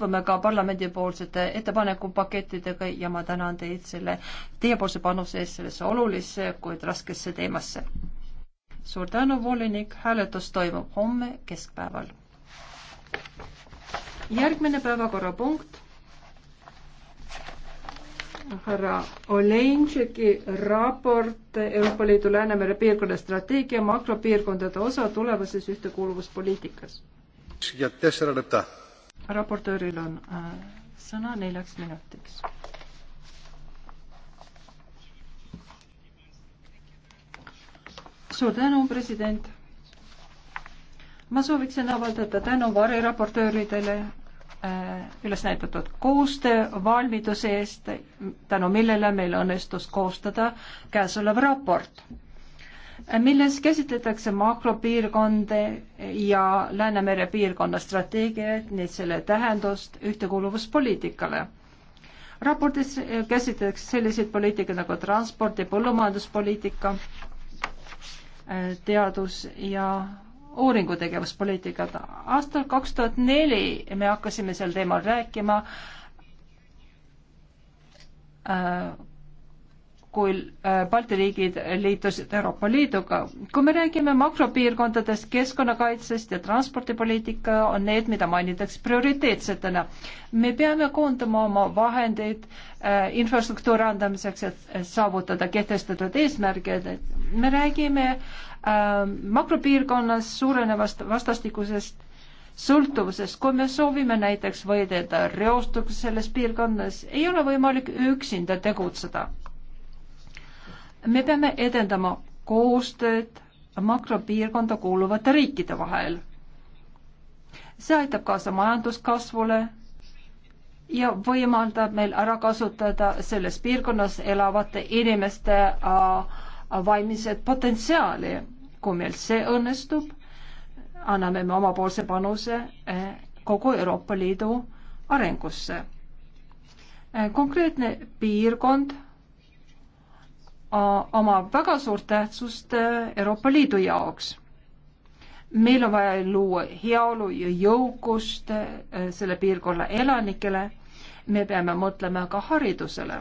liitume ka parlamendipoolsete ettepanekupakettidega ja ma tänan teid selle teiepoolse panuse eest sellesse olulisse, kuid raskesse teemasse. suur tänu, volinik, hääletus toimub homme keskpäeval. järgmine päevakorrapunkt. härra Oleinšeki raport Euroopa Liidu Läänemere piirkonna strateegia makropiirkondade osa tulevases ühtekuuluvuspoliitikas. ja teisele lõpetada raportööril on äh, sõna neljaks minutiks. suur tänu, president. ma sooviksin avaldada tänu variraportööridele äh, üles näidatud koostöövalmiduse eest, tänu millele meil õnnestus koostada käesolev raport milles käsitletakse makropiirkonde ja Läänemere piirkonna strateegiaid, neid selle tähendust ühtekuuluvuspoliitikale. raportis käsitletakse selliseid poliitikaid nagu transport ja põllumajanduspoliitika, teadus ja uuringutegevuspoliitikad. aastal kaks tuhat neli me hakkasime sel teemal rääkima äh, kui äh, Balti riigid liitusid Euroopa Liiduga. kui me räägime makropiirkondadest, keskkonnakaitsest ja transpordipoliitika on need, mida mainitakse prioriteetsetena. me peame koondama oma vahendeid äh, infrastruktuuri andmiseks, et saavutada kehtestatud eesmärgid. me räägime äh, makropiirkonnas suurenevast vastastikusest sõltuvusest, kui me soovime näiteks võidelda reostusega selles piirkonnas, ei ole võimalik üksinda tegutseda me peame edendama koostööd makropiirkonda kuuluvate riikide vahel. see aitab kaasa majanduskasvule ja võimaldab meil ära kasutada selles piirkonnas elavate inimeste äh, vaimset potentsiaali. kui meil see õnnestub, anname me omapoolse panuse äh, kogu Euroopa Liidu arengusse. Äh, konkreetne piirkond omab väga suurt tähtsust äh, Euroopa Liidu jaoks. meil on vaja luua heaolu ja jõukust äh, selle piirkonna elanikele. me peame mõtlema ka haridusele.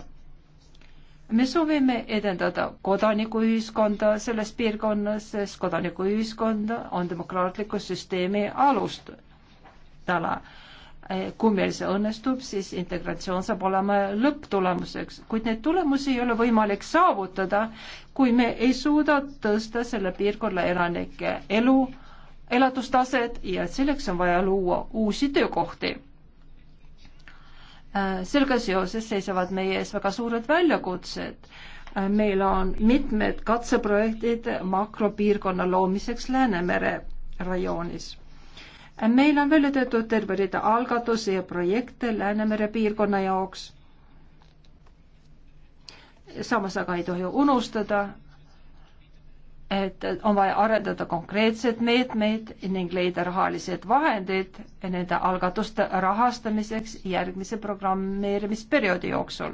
me soovime edendada kodanikuühiskonda selles piirkonnas, sest kodanikuühiskond on demokraatliku süsteemi alustala Eh, kui meil see õnnestub, siis integratsioon saab olema lõpptulemuseks, kuid neid tulemusi ei ole võimalik saavutada, kui me ei suuda tõsta selle piirkonna elanike elu, elatustaset ja selleks on vaja luua uusi töökohti. Eh, sellega seoses seisavad meie ees väga suured väljakutsed eh, meil on mitmed katseprojektid makropiirkonna loomiseks Läänemere rajoonis meil on välja töötatud terve rida algatusi ja projekte Läänemere piirkonna jaoks. samas aga ei tohi unustada, et on vaja arendada konkreetseid meetmeid ning leida rahalised vahendid nende algatuste rahastamiseks järgmise programmeerimisperioodi jooksul.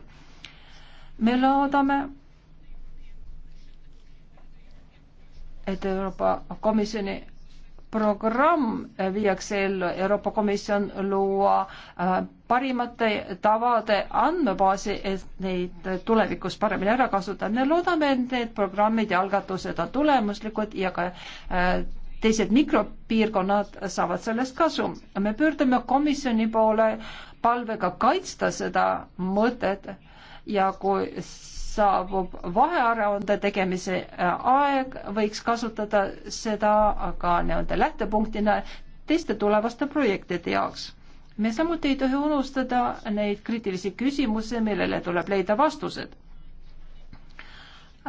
me loodame, et Euroopa Komisjoni programm viiakse ellu, Euroopa Komisjon luua äh, parimate tavade andmebaasi, et neid tulevikus paremini ära kasutada. me loodame, et need programmid ja algatused on tulemuslikud ja ka äh, teised mikropiirkonnad saavad sellest kasu. me pöördume komisjoni poole palvega kaitsta seda mõtet ja kui saabub vahearuande tegemise äh, aeg, võiks kasutada seda ka nii-öelda lähtepunktina teiste tulevaste projektide jaoks. me samuti ei tohi unustada neid kriitilisi küsimusi, millele tuleb leida vastused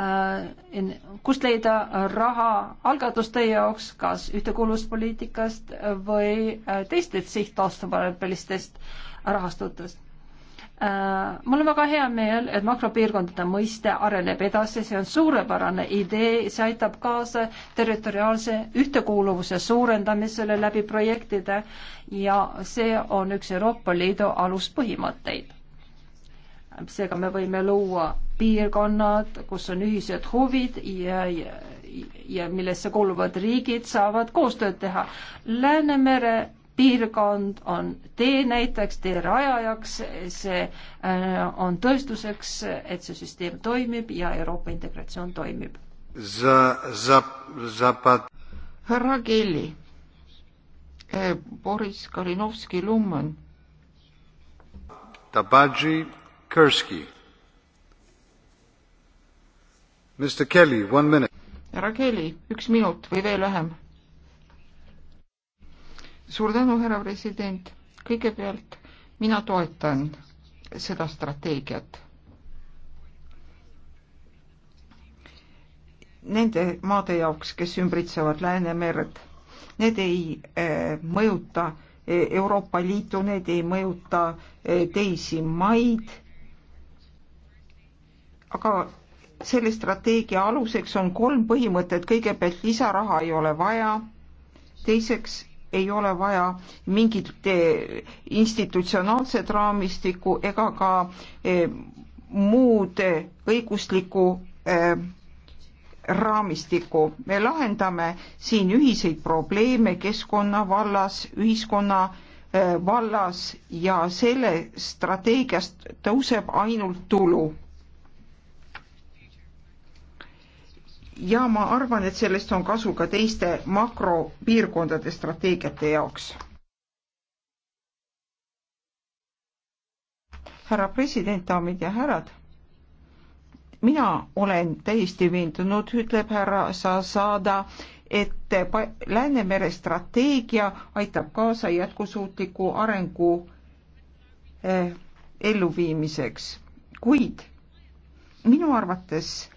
äh, kust leida raha algatuste jaoks, kas ühtekuuluvuspoliitikast või äh, teistest sihtotstarbelistest rahastutest. Äh, mul on väga hea meel, et makropiirkondade mõiste areneb edasi, see on suurepärane idee, see aitab kaasa territoriaalse ühtekuuluvuse suurendamisele läbi projektide ja see on üks Euroopa Liidu aluspõhimõtteid. seega me võime luua piirkonnad, kus on ühised huvid ja, ja, ja millesse kuuluvad riigid saavad koostööd teha. Läänemere piirkond on tee näiteks, tee rajajaks, see äh, on tõestuseks, et see süsteem toimib ja Euroopa integratsioon toimib. härra Kelly, äh, Boris Kalinovski, Lumman. Tabadži, Kerski. Mr Kelly, one minute. härra Kelly, üks minut või veel vähem suur tänu, härra president. kõigepealt mina toetan seda strateegiat. Nende maade jaoks, kes ümbritsevad Läänemerd, need ei äh, mõjuta eh, Euroopa Liitu, need ei mõjuta eh, teisi maid. aga selle strateegia aluseks on kolm põhimõtet, kõigepealt lisaraha ei ole vaja, teiseks ei ole vaja mingit eh, institutsionaalset raamistikku ega ka eh, muud õiguslikku eh, raamistikku. me lahendame siin ühiseid probleeme keskkonna vallas, ühiskonna vallas ja selle strateegiast tõuseb ainult tulu ja ma arvan, et sellest on kasu ka teiste makropiirkondade strateegiate jaoks. härra president, daamid ja härrad, mina olen täiesti veendunud, ütleb härra Sasada, et Läänemere strateegia aitab kaasa jätkusuutliku arengu eh, elluviimiseks, kuid minu arvates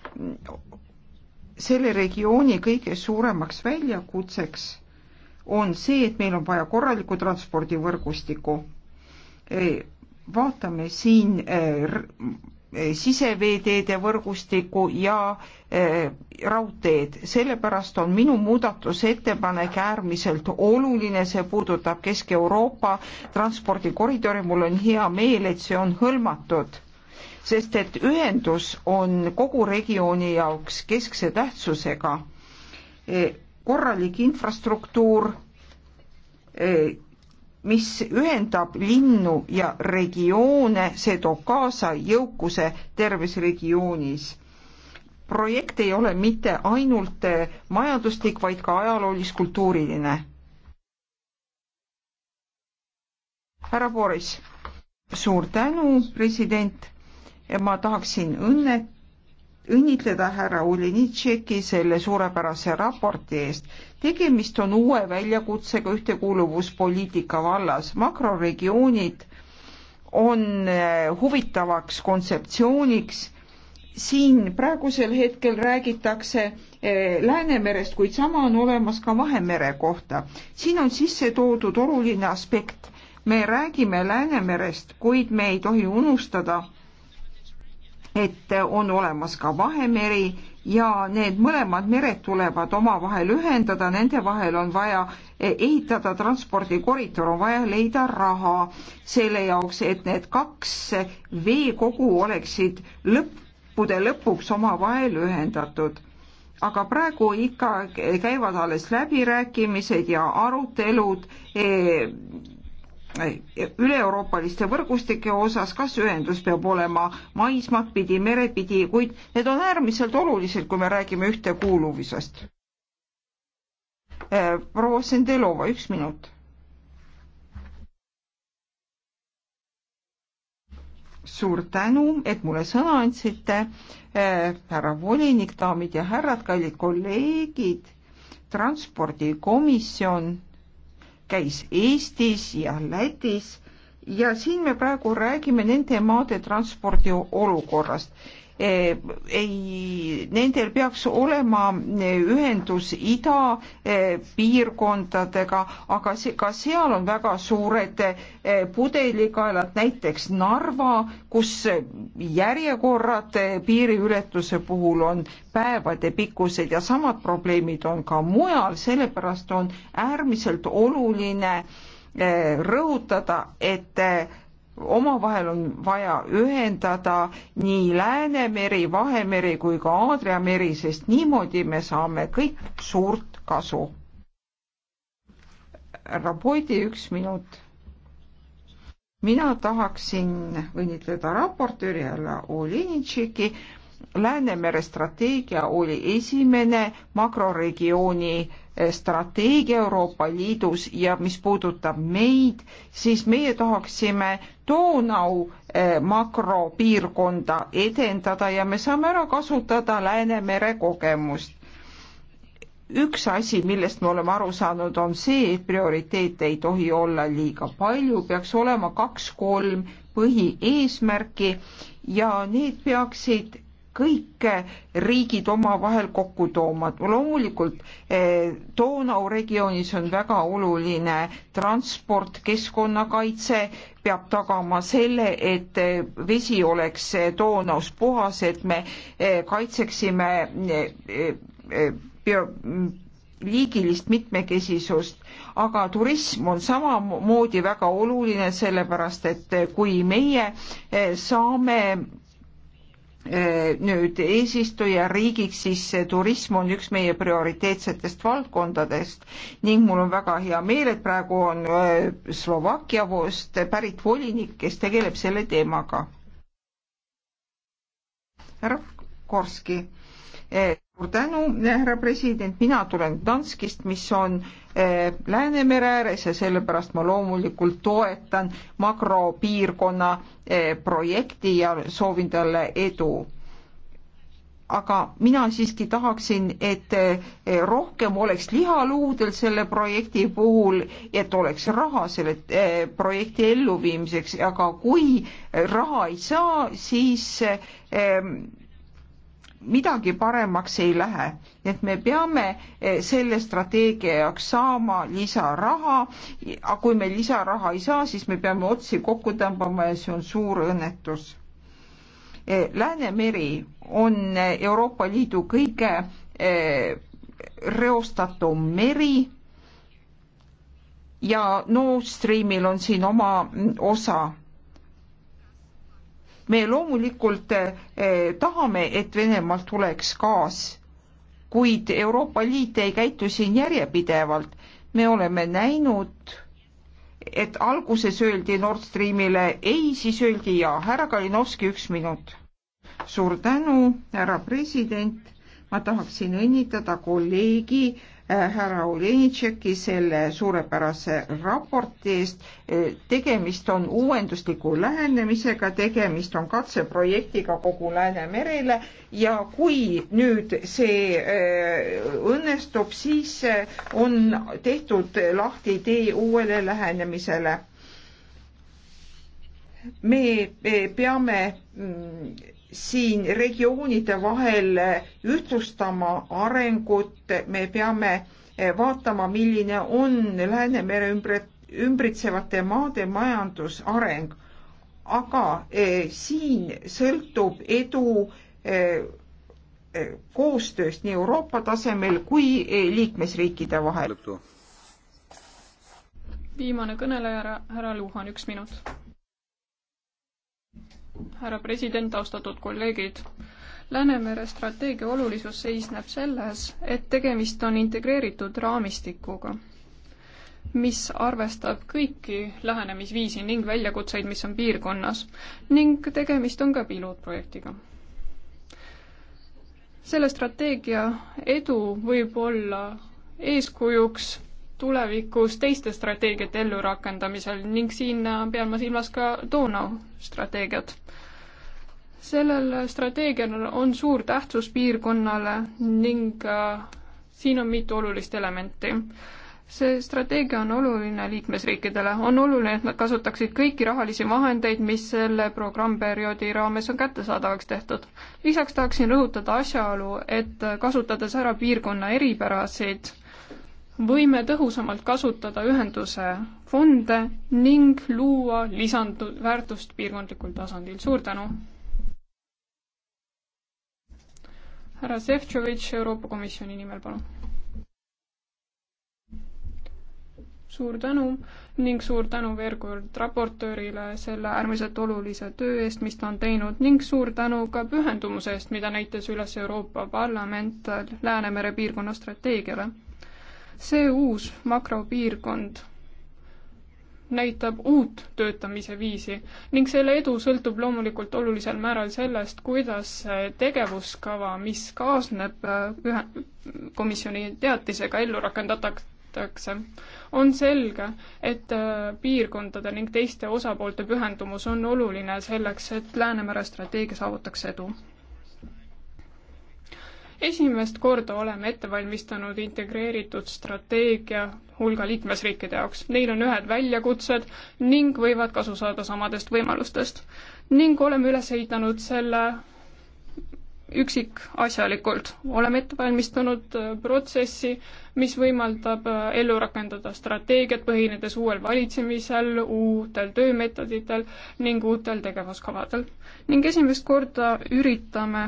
selle regiooni kõige suuremaks väljakutseks on see, et meil on vaja korralikku transpordivõrgustikku. Eh, vaatame siin eh, eh, siseveeteede võrgustiku ja raudteed. sellepärast on minu muudatusettepanek äärmiselt oluline, see puudutab Kesk-Euroopa transpordikoridori, mul on hea meel, et see on hõlmatud sest et ühendus on kogu regiooni jaoks keskse tähtsusega. E, korralik infrastruktuur, e, mis ühendab linnu ja regioone, see toob kaasa jõukuse terves regioonis projekt ei ole mitte ainult majanduslik, vaid ka ajaloolis-kultuuriline. härra Boris, suur tänu, president ja ma tahaksin õnne, õnnitleda härra Ulinitšeki selle suurepärase raporti eest. tegemist on uue väljakutsega ühtekuuluvuspoliitika vallas. makroregioonid on eh, huvitavaks kontseptsiooniks siin praegusel hetkel räägitakse eh, Läänemerest, kuid sama on olemas ka Vahemere kohta. siin on sisse toodud oluline aspekt. me räägime Läänemerest, kuid me ei tohi unustada, et on olemas ka Vahemeri ja need mõlemad mered tulevad omavahel ühendada, nende vahel on vaja ehitada transpordikoridor, on vaja leida raha selle jaoks, et need kaks veekogu oleksid lõppude lõpuks omavahel ühendatud aga praegu ikka käivad alles läbirääkimised ja arutelud eh, üle-euroopaliste võrgustike osas, kas ühendus peab olema maismaad pidi, mered pidi, kuid need on äärmiselt olulised, kui me räägime ühtekuuluvusest. Eh, proua Sendelova, üks minut. suur tänu, et mulle sõna andsite, eh, härra volinik, daamid ja härrad, kallid kolleegid, transpordikomisjon käis Eestis ja Lätis ja siin me praegu räägime nende maade transpordi olukorrast. Eh, ei, nendel peaks olema eh, ühendus idapiirkondadega, eh, aga see, ka seal on väga suured pudelikaelad, näiteks Narva, kus järjekorrad piiriületuse puhul on päevadepikkused ja samad probleemid on ka mujal, sellepärast on äärmiselt oluline rõhutada, et omavahel on vaja ühendada nii Läänemeri, Vahemeri kui ka Aadria meri, sest niimoodi me saame kõik suurt kasu. härra Poidi, üks minut. mina tahaksin õnnitleda raportööri härra Olinitšiki. Läänemere strateegia oli esimene makroregiooni strateegia Euroopa Liidus ja mis puudutab meid, siis meie tahaksime Donau eh, makropiirkonda edendada ja me saame ära kasutada Läänemere kogemust. üks asi, millest me oleme aru saanud, on see, et prioriteete ei tohi olla liiga palju, peaks olema kaks-kolm põhieesmärki ja need peaksid kõik riigid omavahel kokku tooma. loomulikult eh, Donau regioonis on väga oluline transport, keskkonnakaitse peab tagama selle, et eh, vesi oleks eh, Donaus puhas, et me kaitseksime bio, liigilist mitmekesisust, aga turism on samamoodi väga oluline, sellepärast et kui meie saame Eh, nüüd eesistuja riigiks, siis turism on üks meie prioriteetsetest valdkondadest ning mul on väga hea meel, et praegu on eh, Slovakkia voost pärit volinik, kes tegeleb selle teemaga. härra Korski eh, suur tänu, härra president, mina tulen Danskist, mis on äh, Läänemere ääres ja sellepärast ma loomulikult toetan makropiirkonna äh, projekti ja soovin talle edu. aga mina siiski tahaksin, et äh, rohkem oleks lihaluudel selle projekti puhul, et oleks raha selle äh, projekti elluviimiseks, aga kui raha ei saa, siis äh, midagi paremaks ei lähe, et me peame eh, selle strateegia jaoks saama lisaraha, aga kui me lisaraha ei saa, siis me peame otsi kokku tõmbama ja see on suur õnnetus. Eh, Läänemeri on eh, Euroopa Liidu kõige reostatum meri ja Nord Streamil on siin oma mm, osa me loomulikult eh, tahame, et Venemaalt tuleks gaas, kuid Euroopa Liit ei käitu siin järjepidevalt. me oleme näinud, et alguses öeldi Nord Streamile ei, siis öeldi jaa. härra Kalinovski, üks minut. suur tänu, härra president. ma tahaksin õnnitleda kolleegi Äh, härra Olenitšeki selle suurepärase raporti eest. Äh, tegemist on uuendusliku lähenemisega, tegemist on katseprojektiga kogu Läänemerele ja kui nüüd see äh, õnnestub, siis on tehtud lahti tee uuele lähenemisele. me peame mm, siin regioonide vahel ühtlustama arengut, me peame eh, vaatama, milline on Läänemere ümbret, ümbritsevate maade majandusareng. aga eh, siin sõltub edu eh, eh koostööst nii Euroopa tasemel kui eh, liikmesriikide vahel. viimane kõneleja, härra Luhan, üks minut härra president, austatud kolleegid. Läänemere strateegia olulisus seisneb selles, et tegemist on integreeritud raamistikuga, mis arvestab kõiki lähenemisviisi ning väljakutseid, mis on piirkonnas ning tegemist on ka pilootprojektiga. selle strateegia edu võib olla eeskujuks tulevikus teiste strateegiate ellurakendamisel ning siin pean ma silmas ka Donau strateegiat. sellel strateegial on suur tähtsus piirkonnale ning äh, siin on mitu olulist elementi see strateegia on oluline liikmesriikidele, on oluline, et nad kasutaksid kõiki rahalisi vahendeid, mis selle programmperioodi raames on kättesaadavaks tehtud. lisaks tahaksin rõhutada asjaolu, et kasutades ära piirkonna eripärasid, võime tõhusamalt kasutada ühenduse fonde ning luua lisandu-, väärtust piirkondlikul tasandil. suur tänu! härra Šefčovitš Euroopa Komisjoni nimel, palun! suur tänu ning suur tänu veel kord raportöörile selle äärmiselt olulise töö eest, mis ta on teinud ning suur tänu ka pühendumuse eest, mida näitas üles Euroopa Parlament Läänemere piirkonna strateegiale see uus makropiirkond näitab uut töötamise viisi ning selle edu sõltub loomulikult olulisel määral sellest, kuidas tegevuskava, mis kaasneb äh, ühe komisjoni teatisega, ellu rakendatakse tehakse. on selge, et äh, piirkondade ning teiste osapoolte pühendumus on oluline selleks, et Läänemere strateegia saavutaks edu esimest korda oleme ette valmistanud integreeritud strateegia hulga liikmesriikide jaoks. Neil on ühed väljakutsed ning võivad kasu saada samadest võimalustest. ning oleme üles ehitanud selle üksikasjalikult. oleme ette valmistanud äh, protsessi, mis võimaldab äh, ellu rakendada strateegiat, põhinedes uuel valitsemisel, uutel töömeetoditel ning uutel tegevuskavadel. ning esimest korda üritame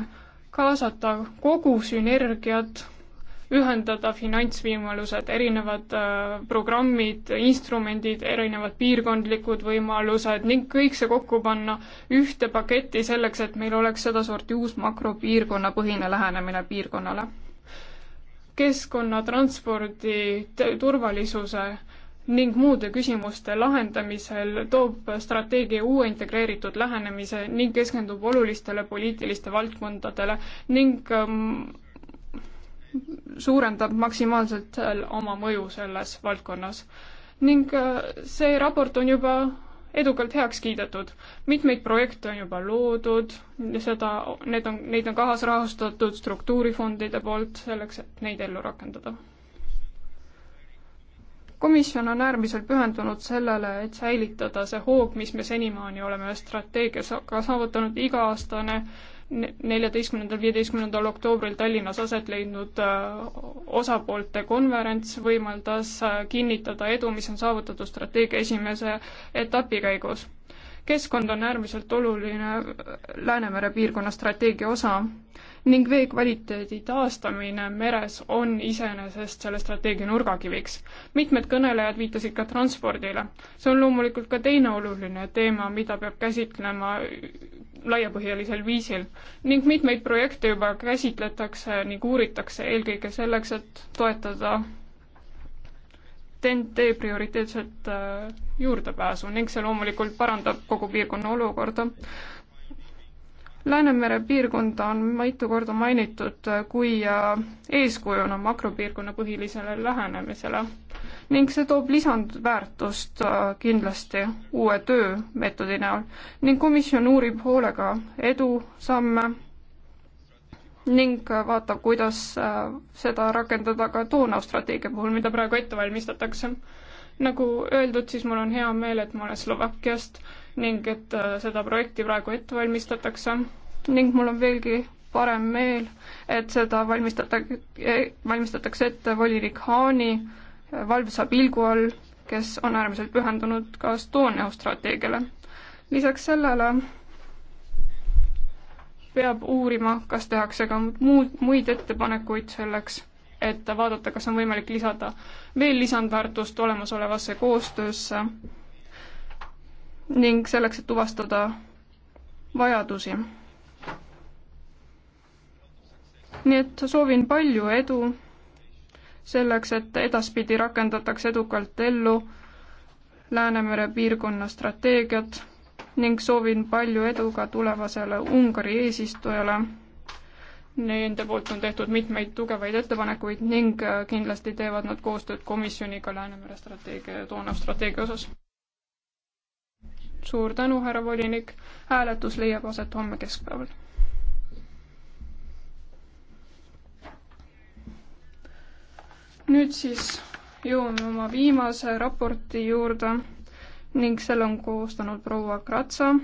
kaasata kogu sünergiat, ühendada finantsvõimalused, erinevad äh, programmid, instrumendid, erinevad piirkondlikud võimalused ning kõik see kokku panna ühte paketti selleks, et meil oleks sedasorti uus makropiirkonnapõhine lähenemine piirkonnale. keskkonna, transpordi, turvalisuse ning muude küsimuste lahendamisel toob strateegia uue integreeritud lähenemise ning keskendub olulistele poliitiliste valdkondadele ning ähm, suurendab maksimaalselt äh, oma mõju selles valdkonnas. ning äh, see raport on juba edukalt heaks kiidetud. mitmeid projekte on juba loodud, seda, need on, neid on kaasrahastatud struktuurifondide poolt selleks, et neid ellu rakendada komisjon on äärmiselt pühendunud sellele, et säilitada see hoog, mis me senimaani oleme strateegias ka saavutanud iga-aastane neljateistkümnendal, viieteistkümnendal oktoobril Tallinnas aset leidnud äh, osapoolte konverents võimaldas äh, kinnitada edu, mis on saavutatud strateegia esimese etapi käigus keskkond on äärmiselt oluline Läänemere piirkonna strateegia osa ning vee kvaliteedi taastamine meres on iseenesest selle strateegia nurgakiviks. mitmed kõnelejad viitasid ka transpordile. see on loomulikult ka teine oluline teema, mida peab käsitlema laiapõhjalisel viisil ning mitmeid projekte juba käsitletakse ning uuritakse eelkõige selleks, et toetada TNT prioriteetset äh, juurdepääsu ning see loomulikult parandab kogu piirkonna olukorda. Läänemere piirkonda on mitu korda mainitud äh, kui äh, eeskujuna makropiirkonna põhilisele lähenemisele ning see toob lisandväärtust kindlasti uue töömeetodi näol ning komisjon uurib hoolega edusamme ning äh, vaatab, kuidas äh, seda rakendada ka Donau strateegia puhul, mida praegu ette valmistatakse. nagu öeldud, siis mul on hea meel, et ma olen Slovakkiast ning et äh, seda projekti praegu ette valmistatakse ning mul on veelgi parem meel, et seda valmistatakse, e, valmistatakse ette volinik Haani valvsa pilgu all, kes on äärmiselt pühendunud ka Estonia strateegiale. lisaks sellele peab uurima, kas tehakse ka muud, muid ettepanekuid selleks, et vaadata, kas on võimalik lisada veel lisandväärtust olemasolevasse koostöösse ning selleks, et tuvastada vajadusi. nii et soovin palju edu selleks, et edaspidi rakendatakse edukalt ellu Läänemere piirkonna strateegiat ning soovin palju edu ka tulevasele Ungari eesistujale. Nende poolt on tehtud mitmeid tugevaid ettepanekuid ning äh, kindlasti teevad nad koostööd komisjoniga Läänemere strateegia ja Donau strateegia osas. suur tänu, härra volinik, hääletus leiab aset homme keskpäeval. nüüd siis jõuame oma viimase raporti juurde ning selle on koostanud proua Kratsa.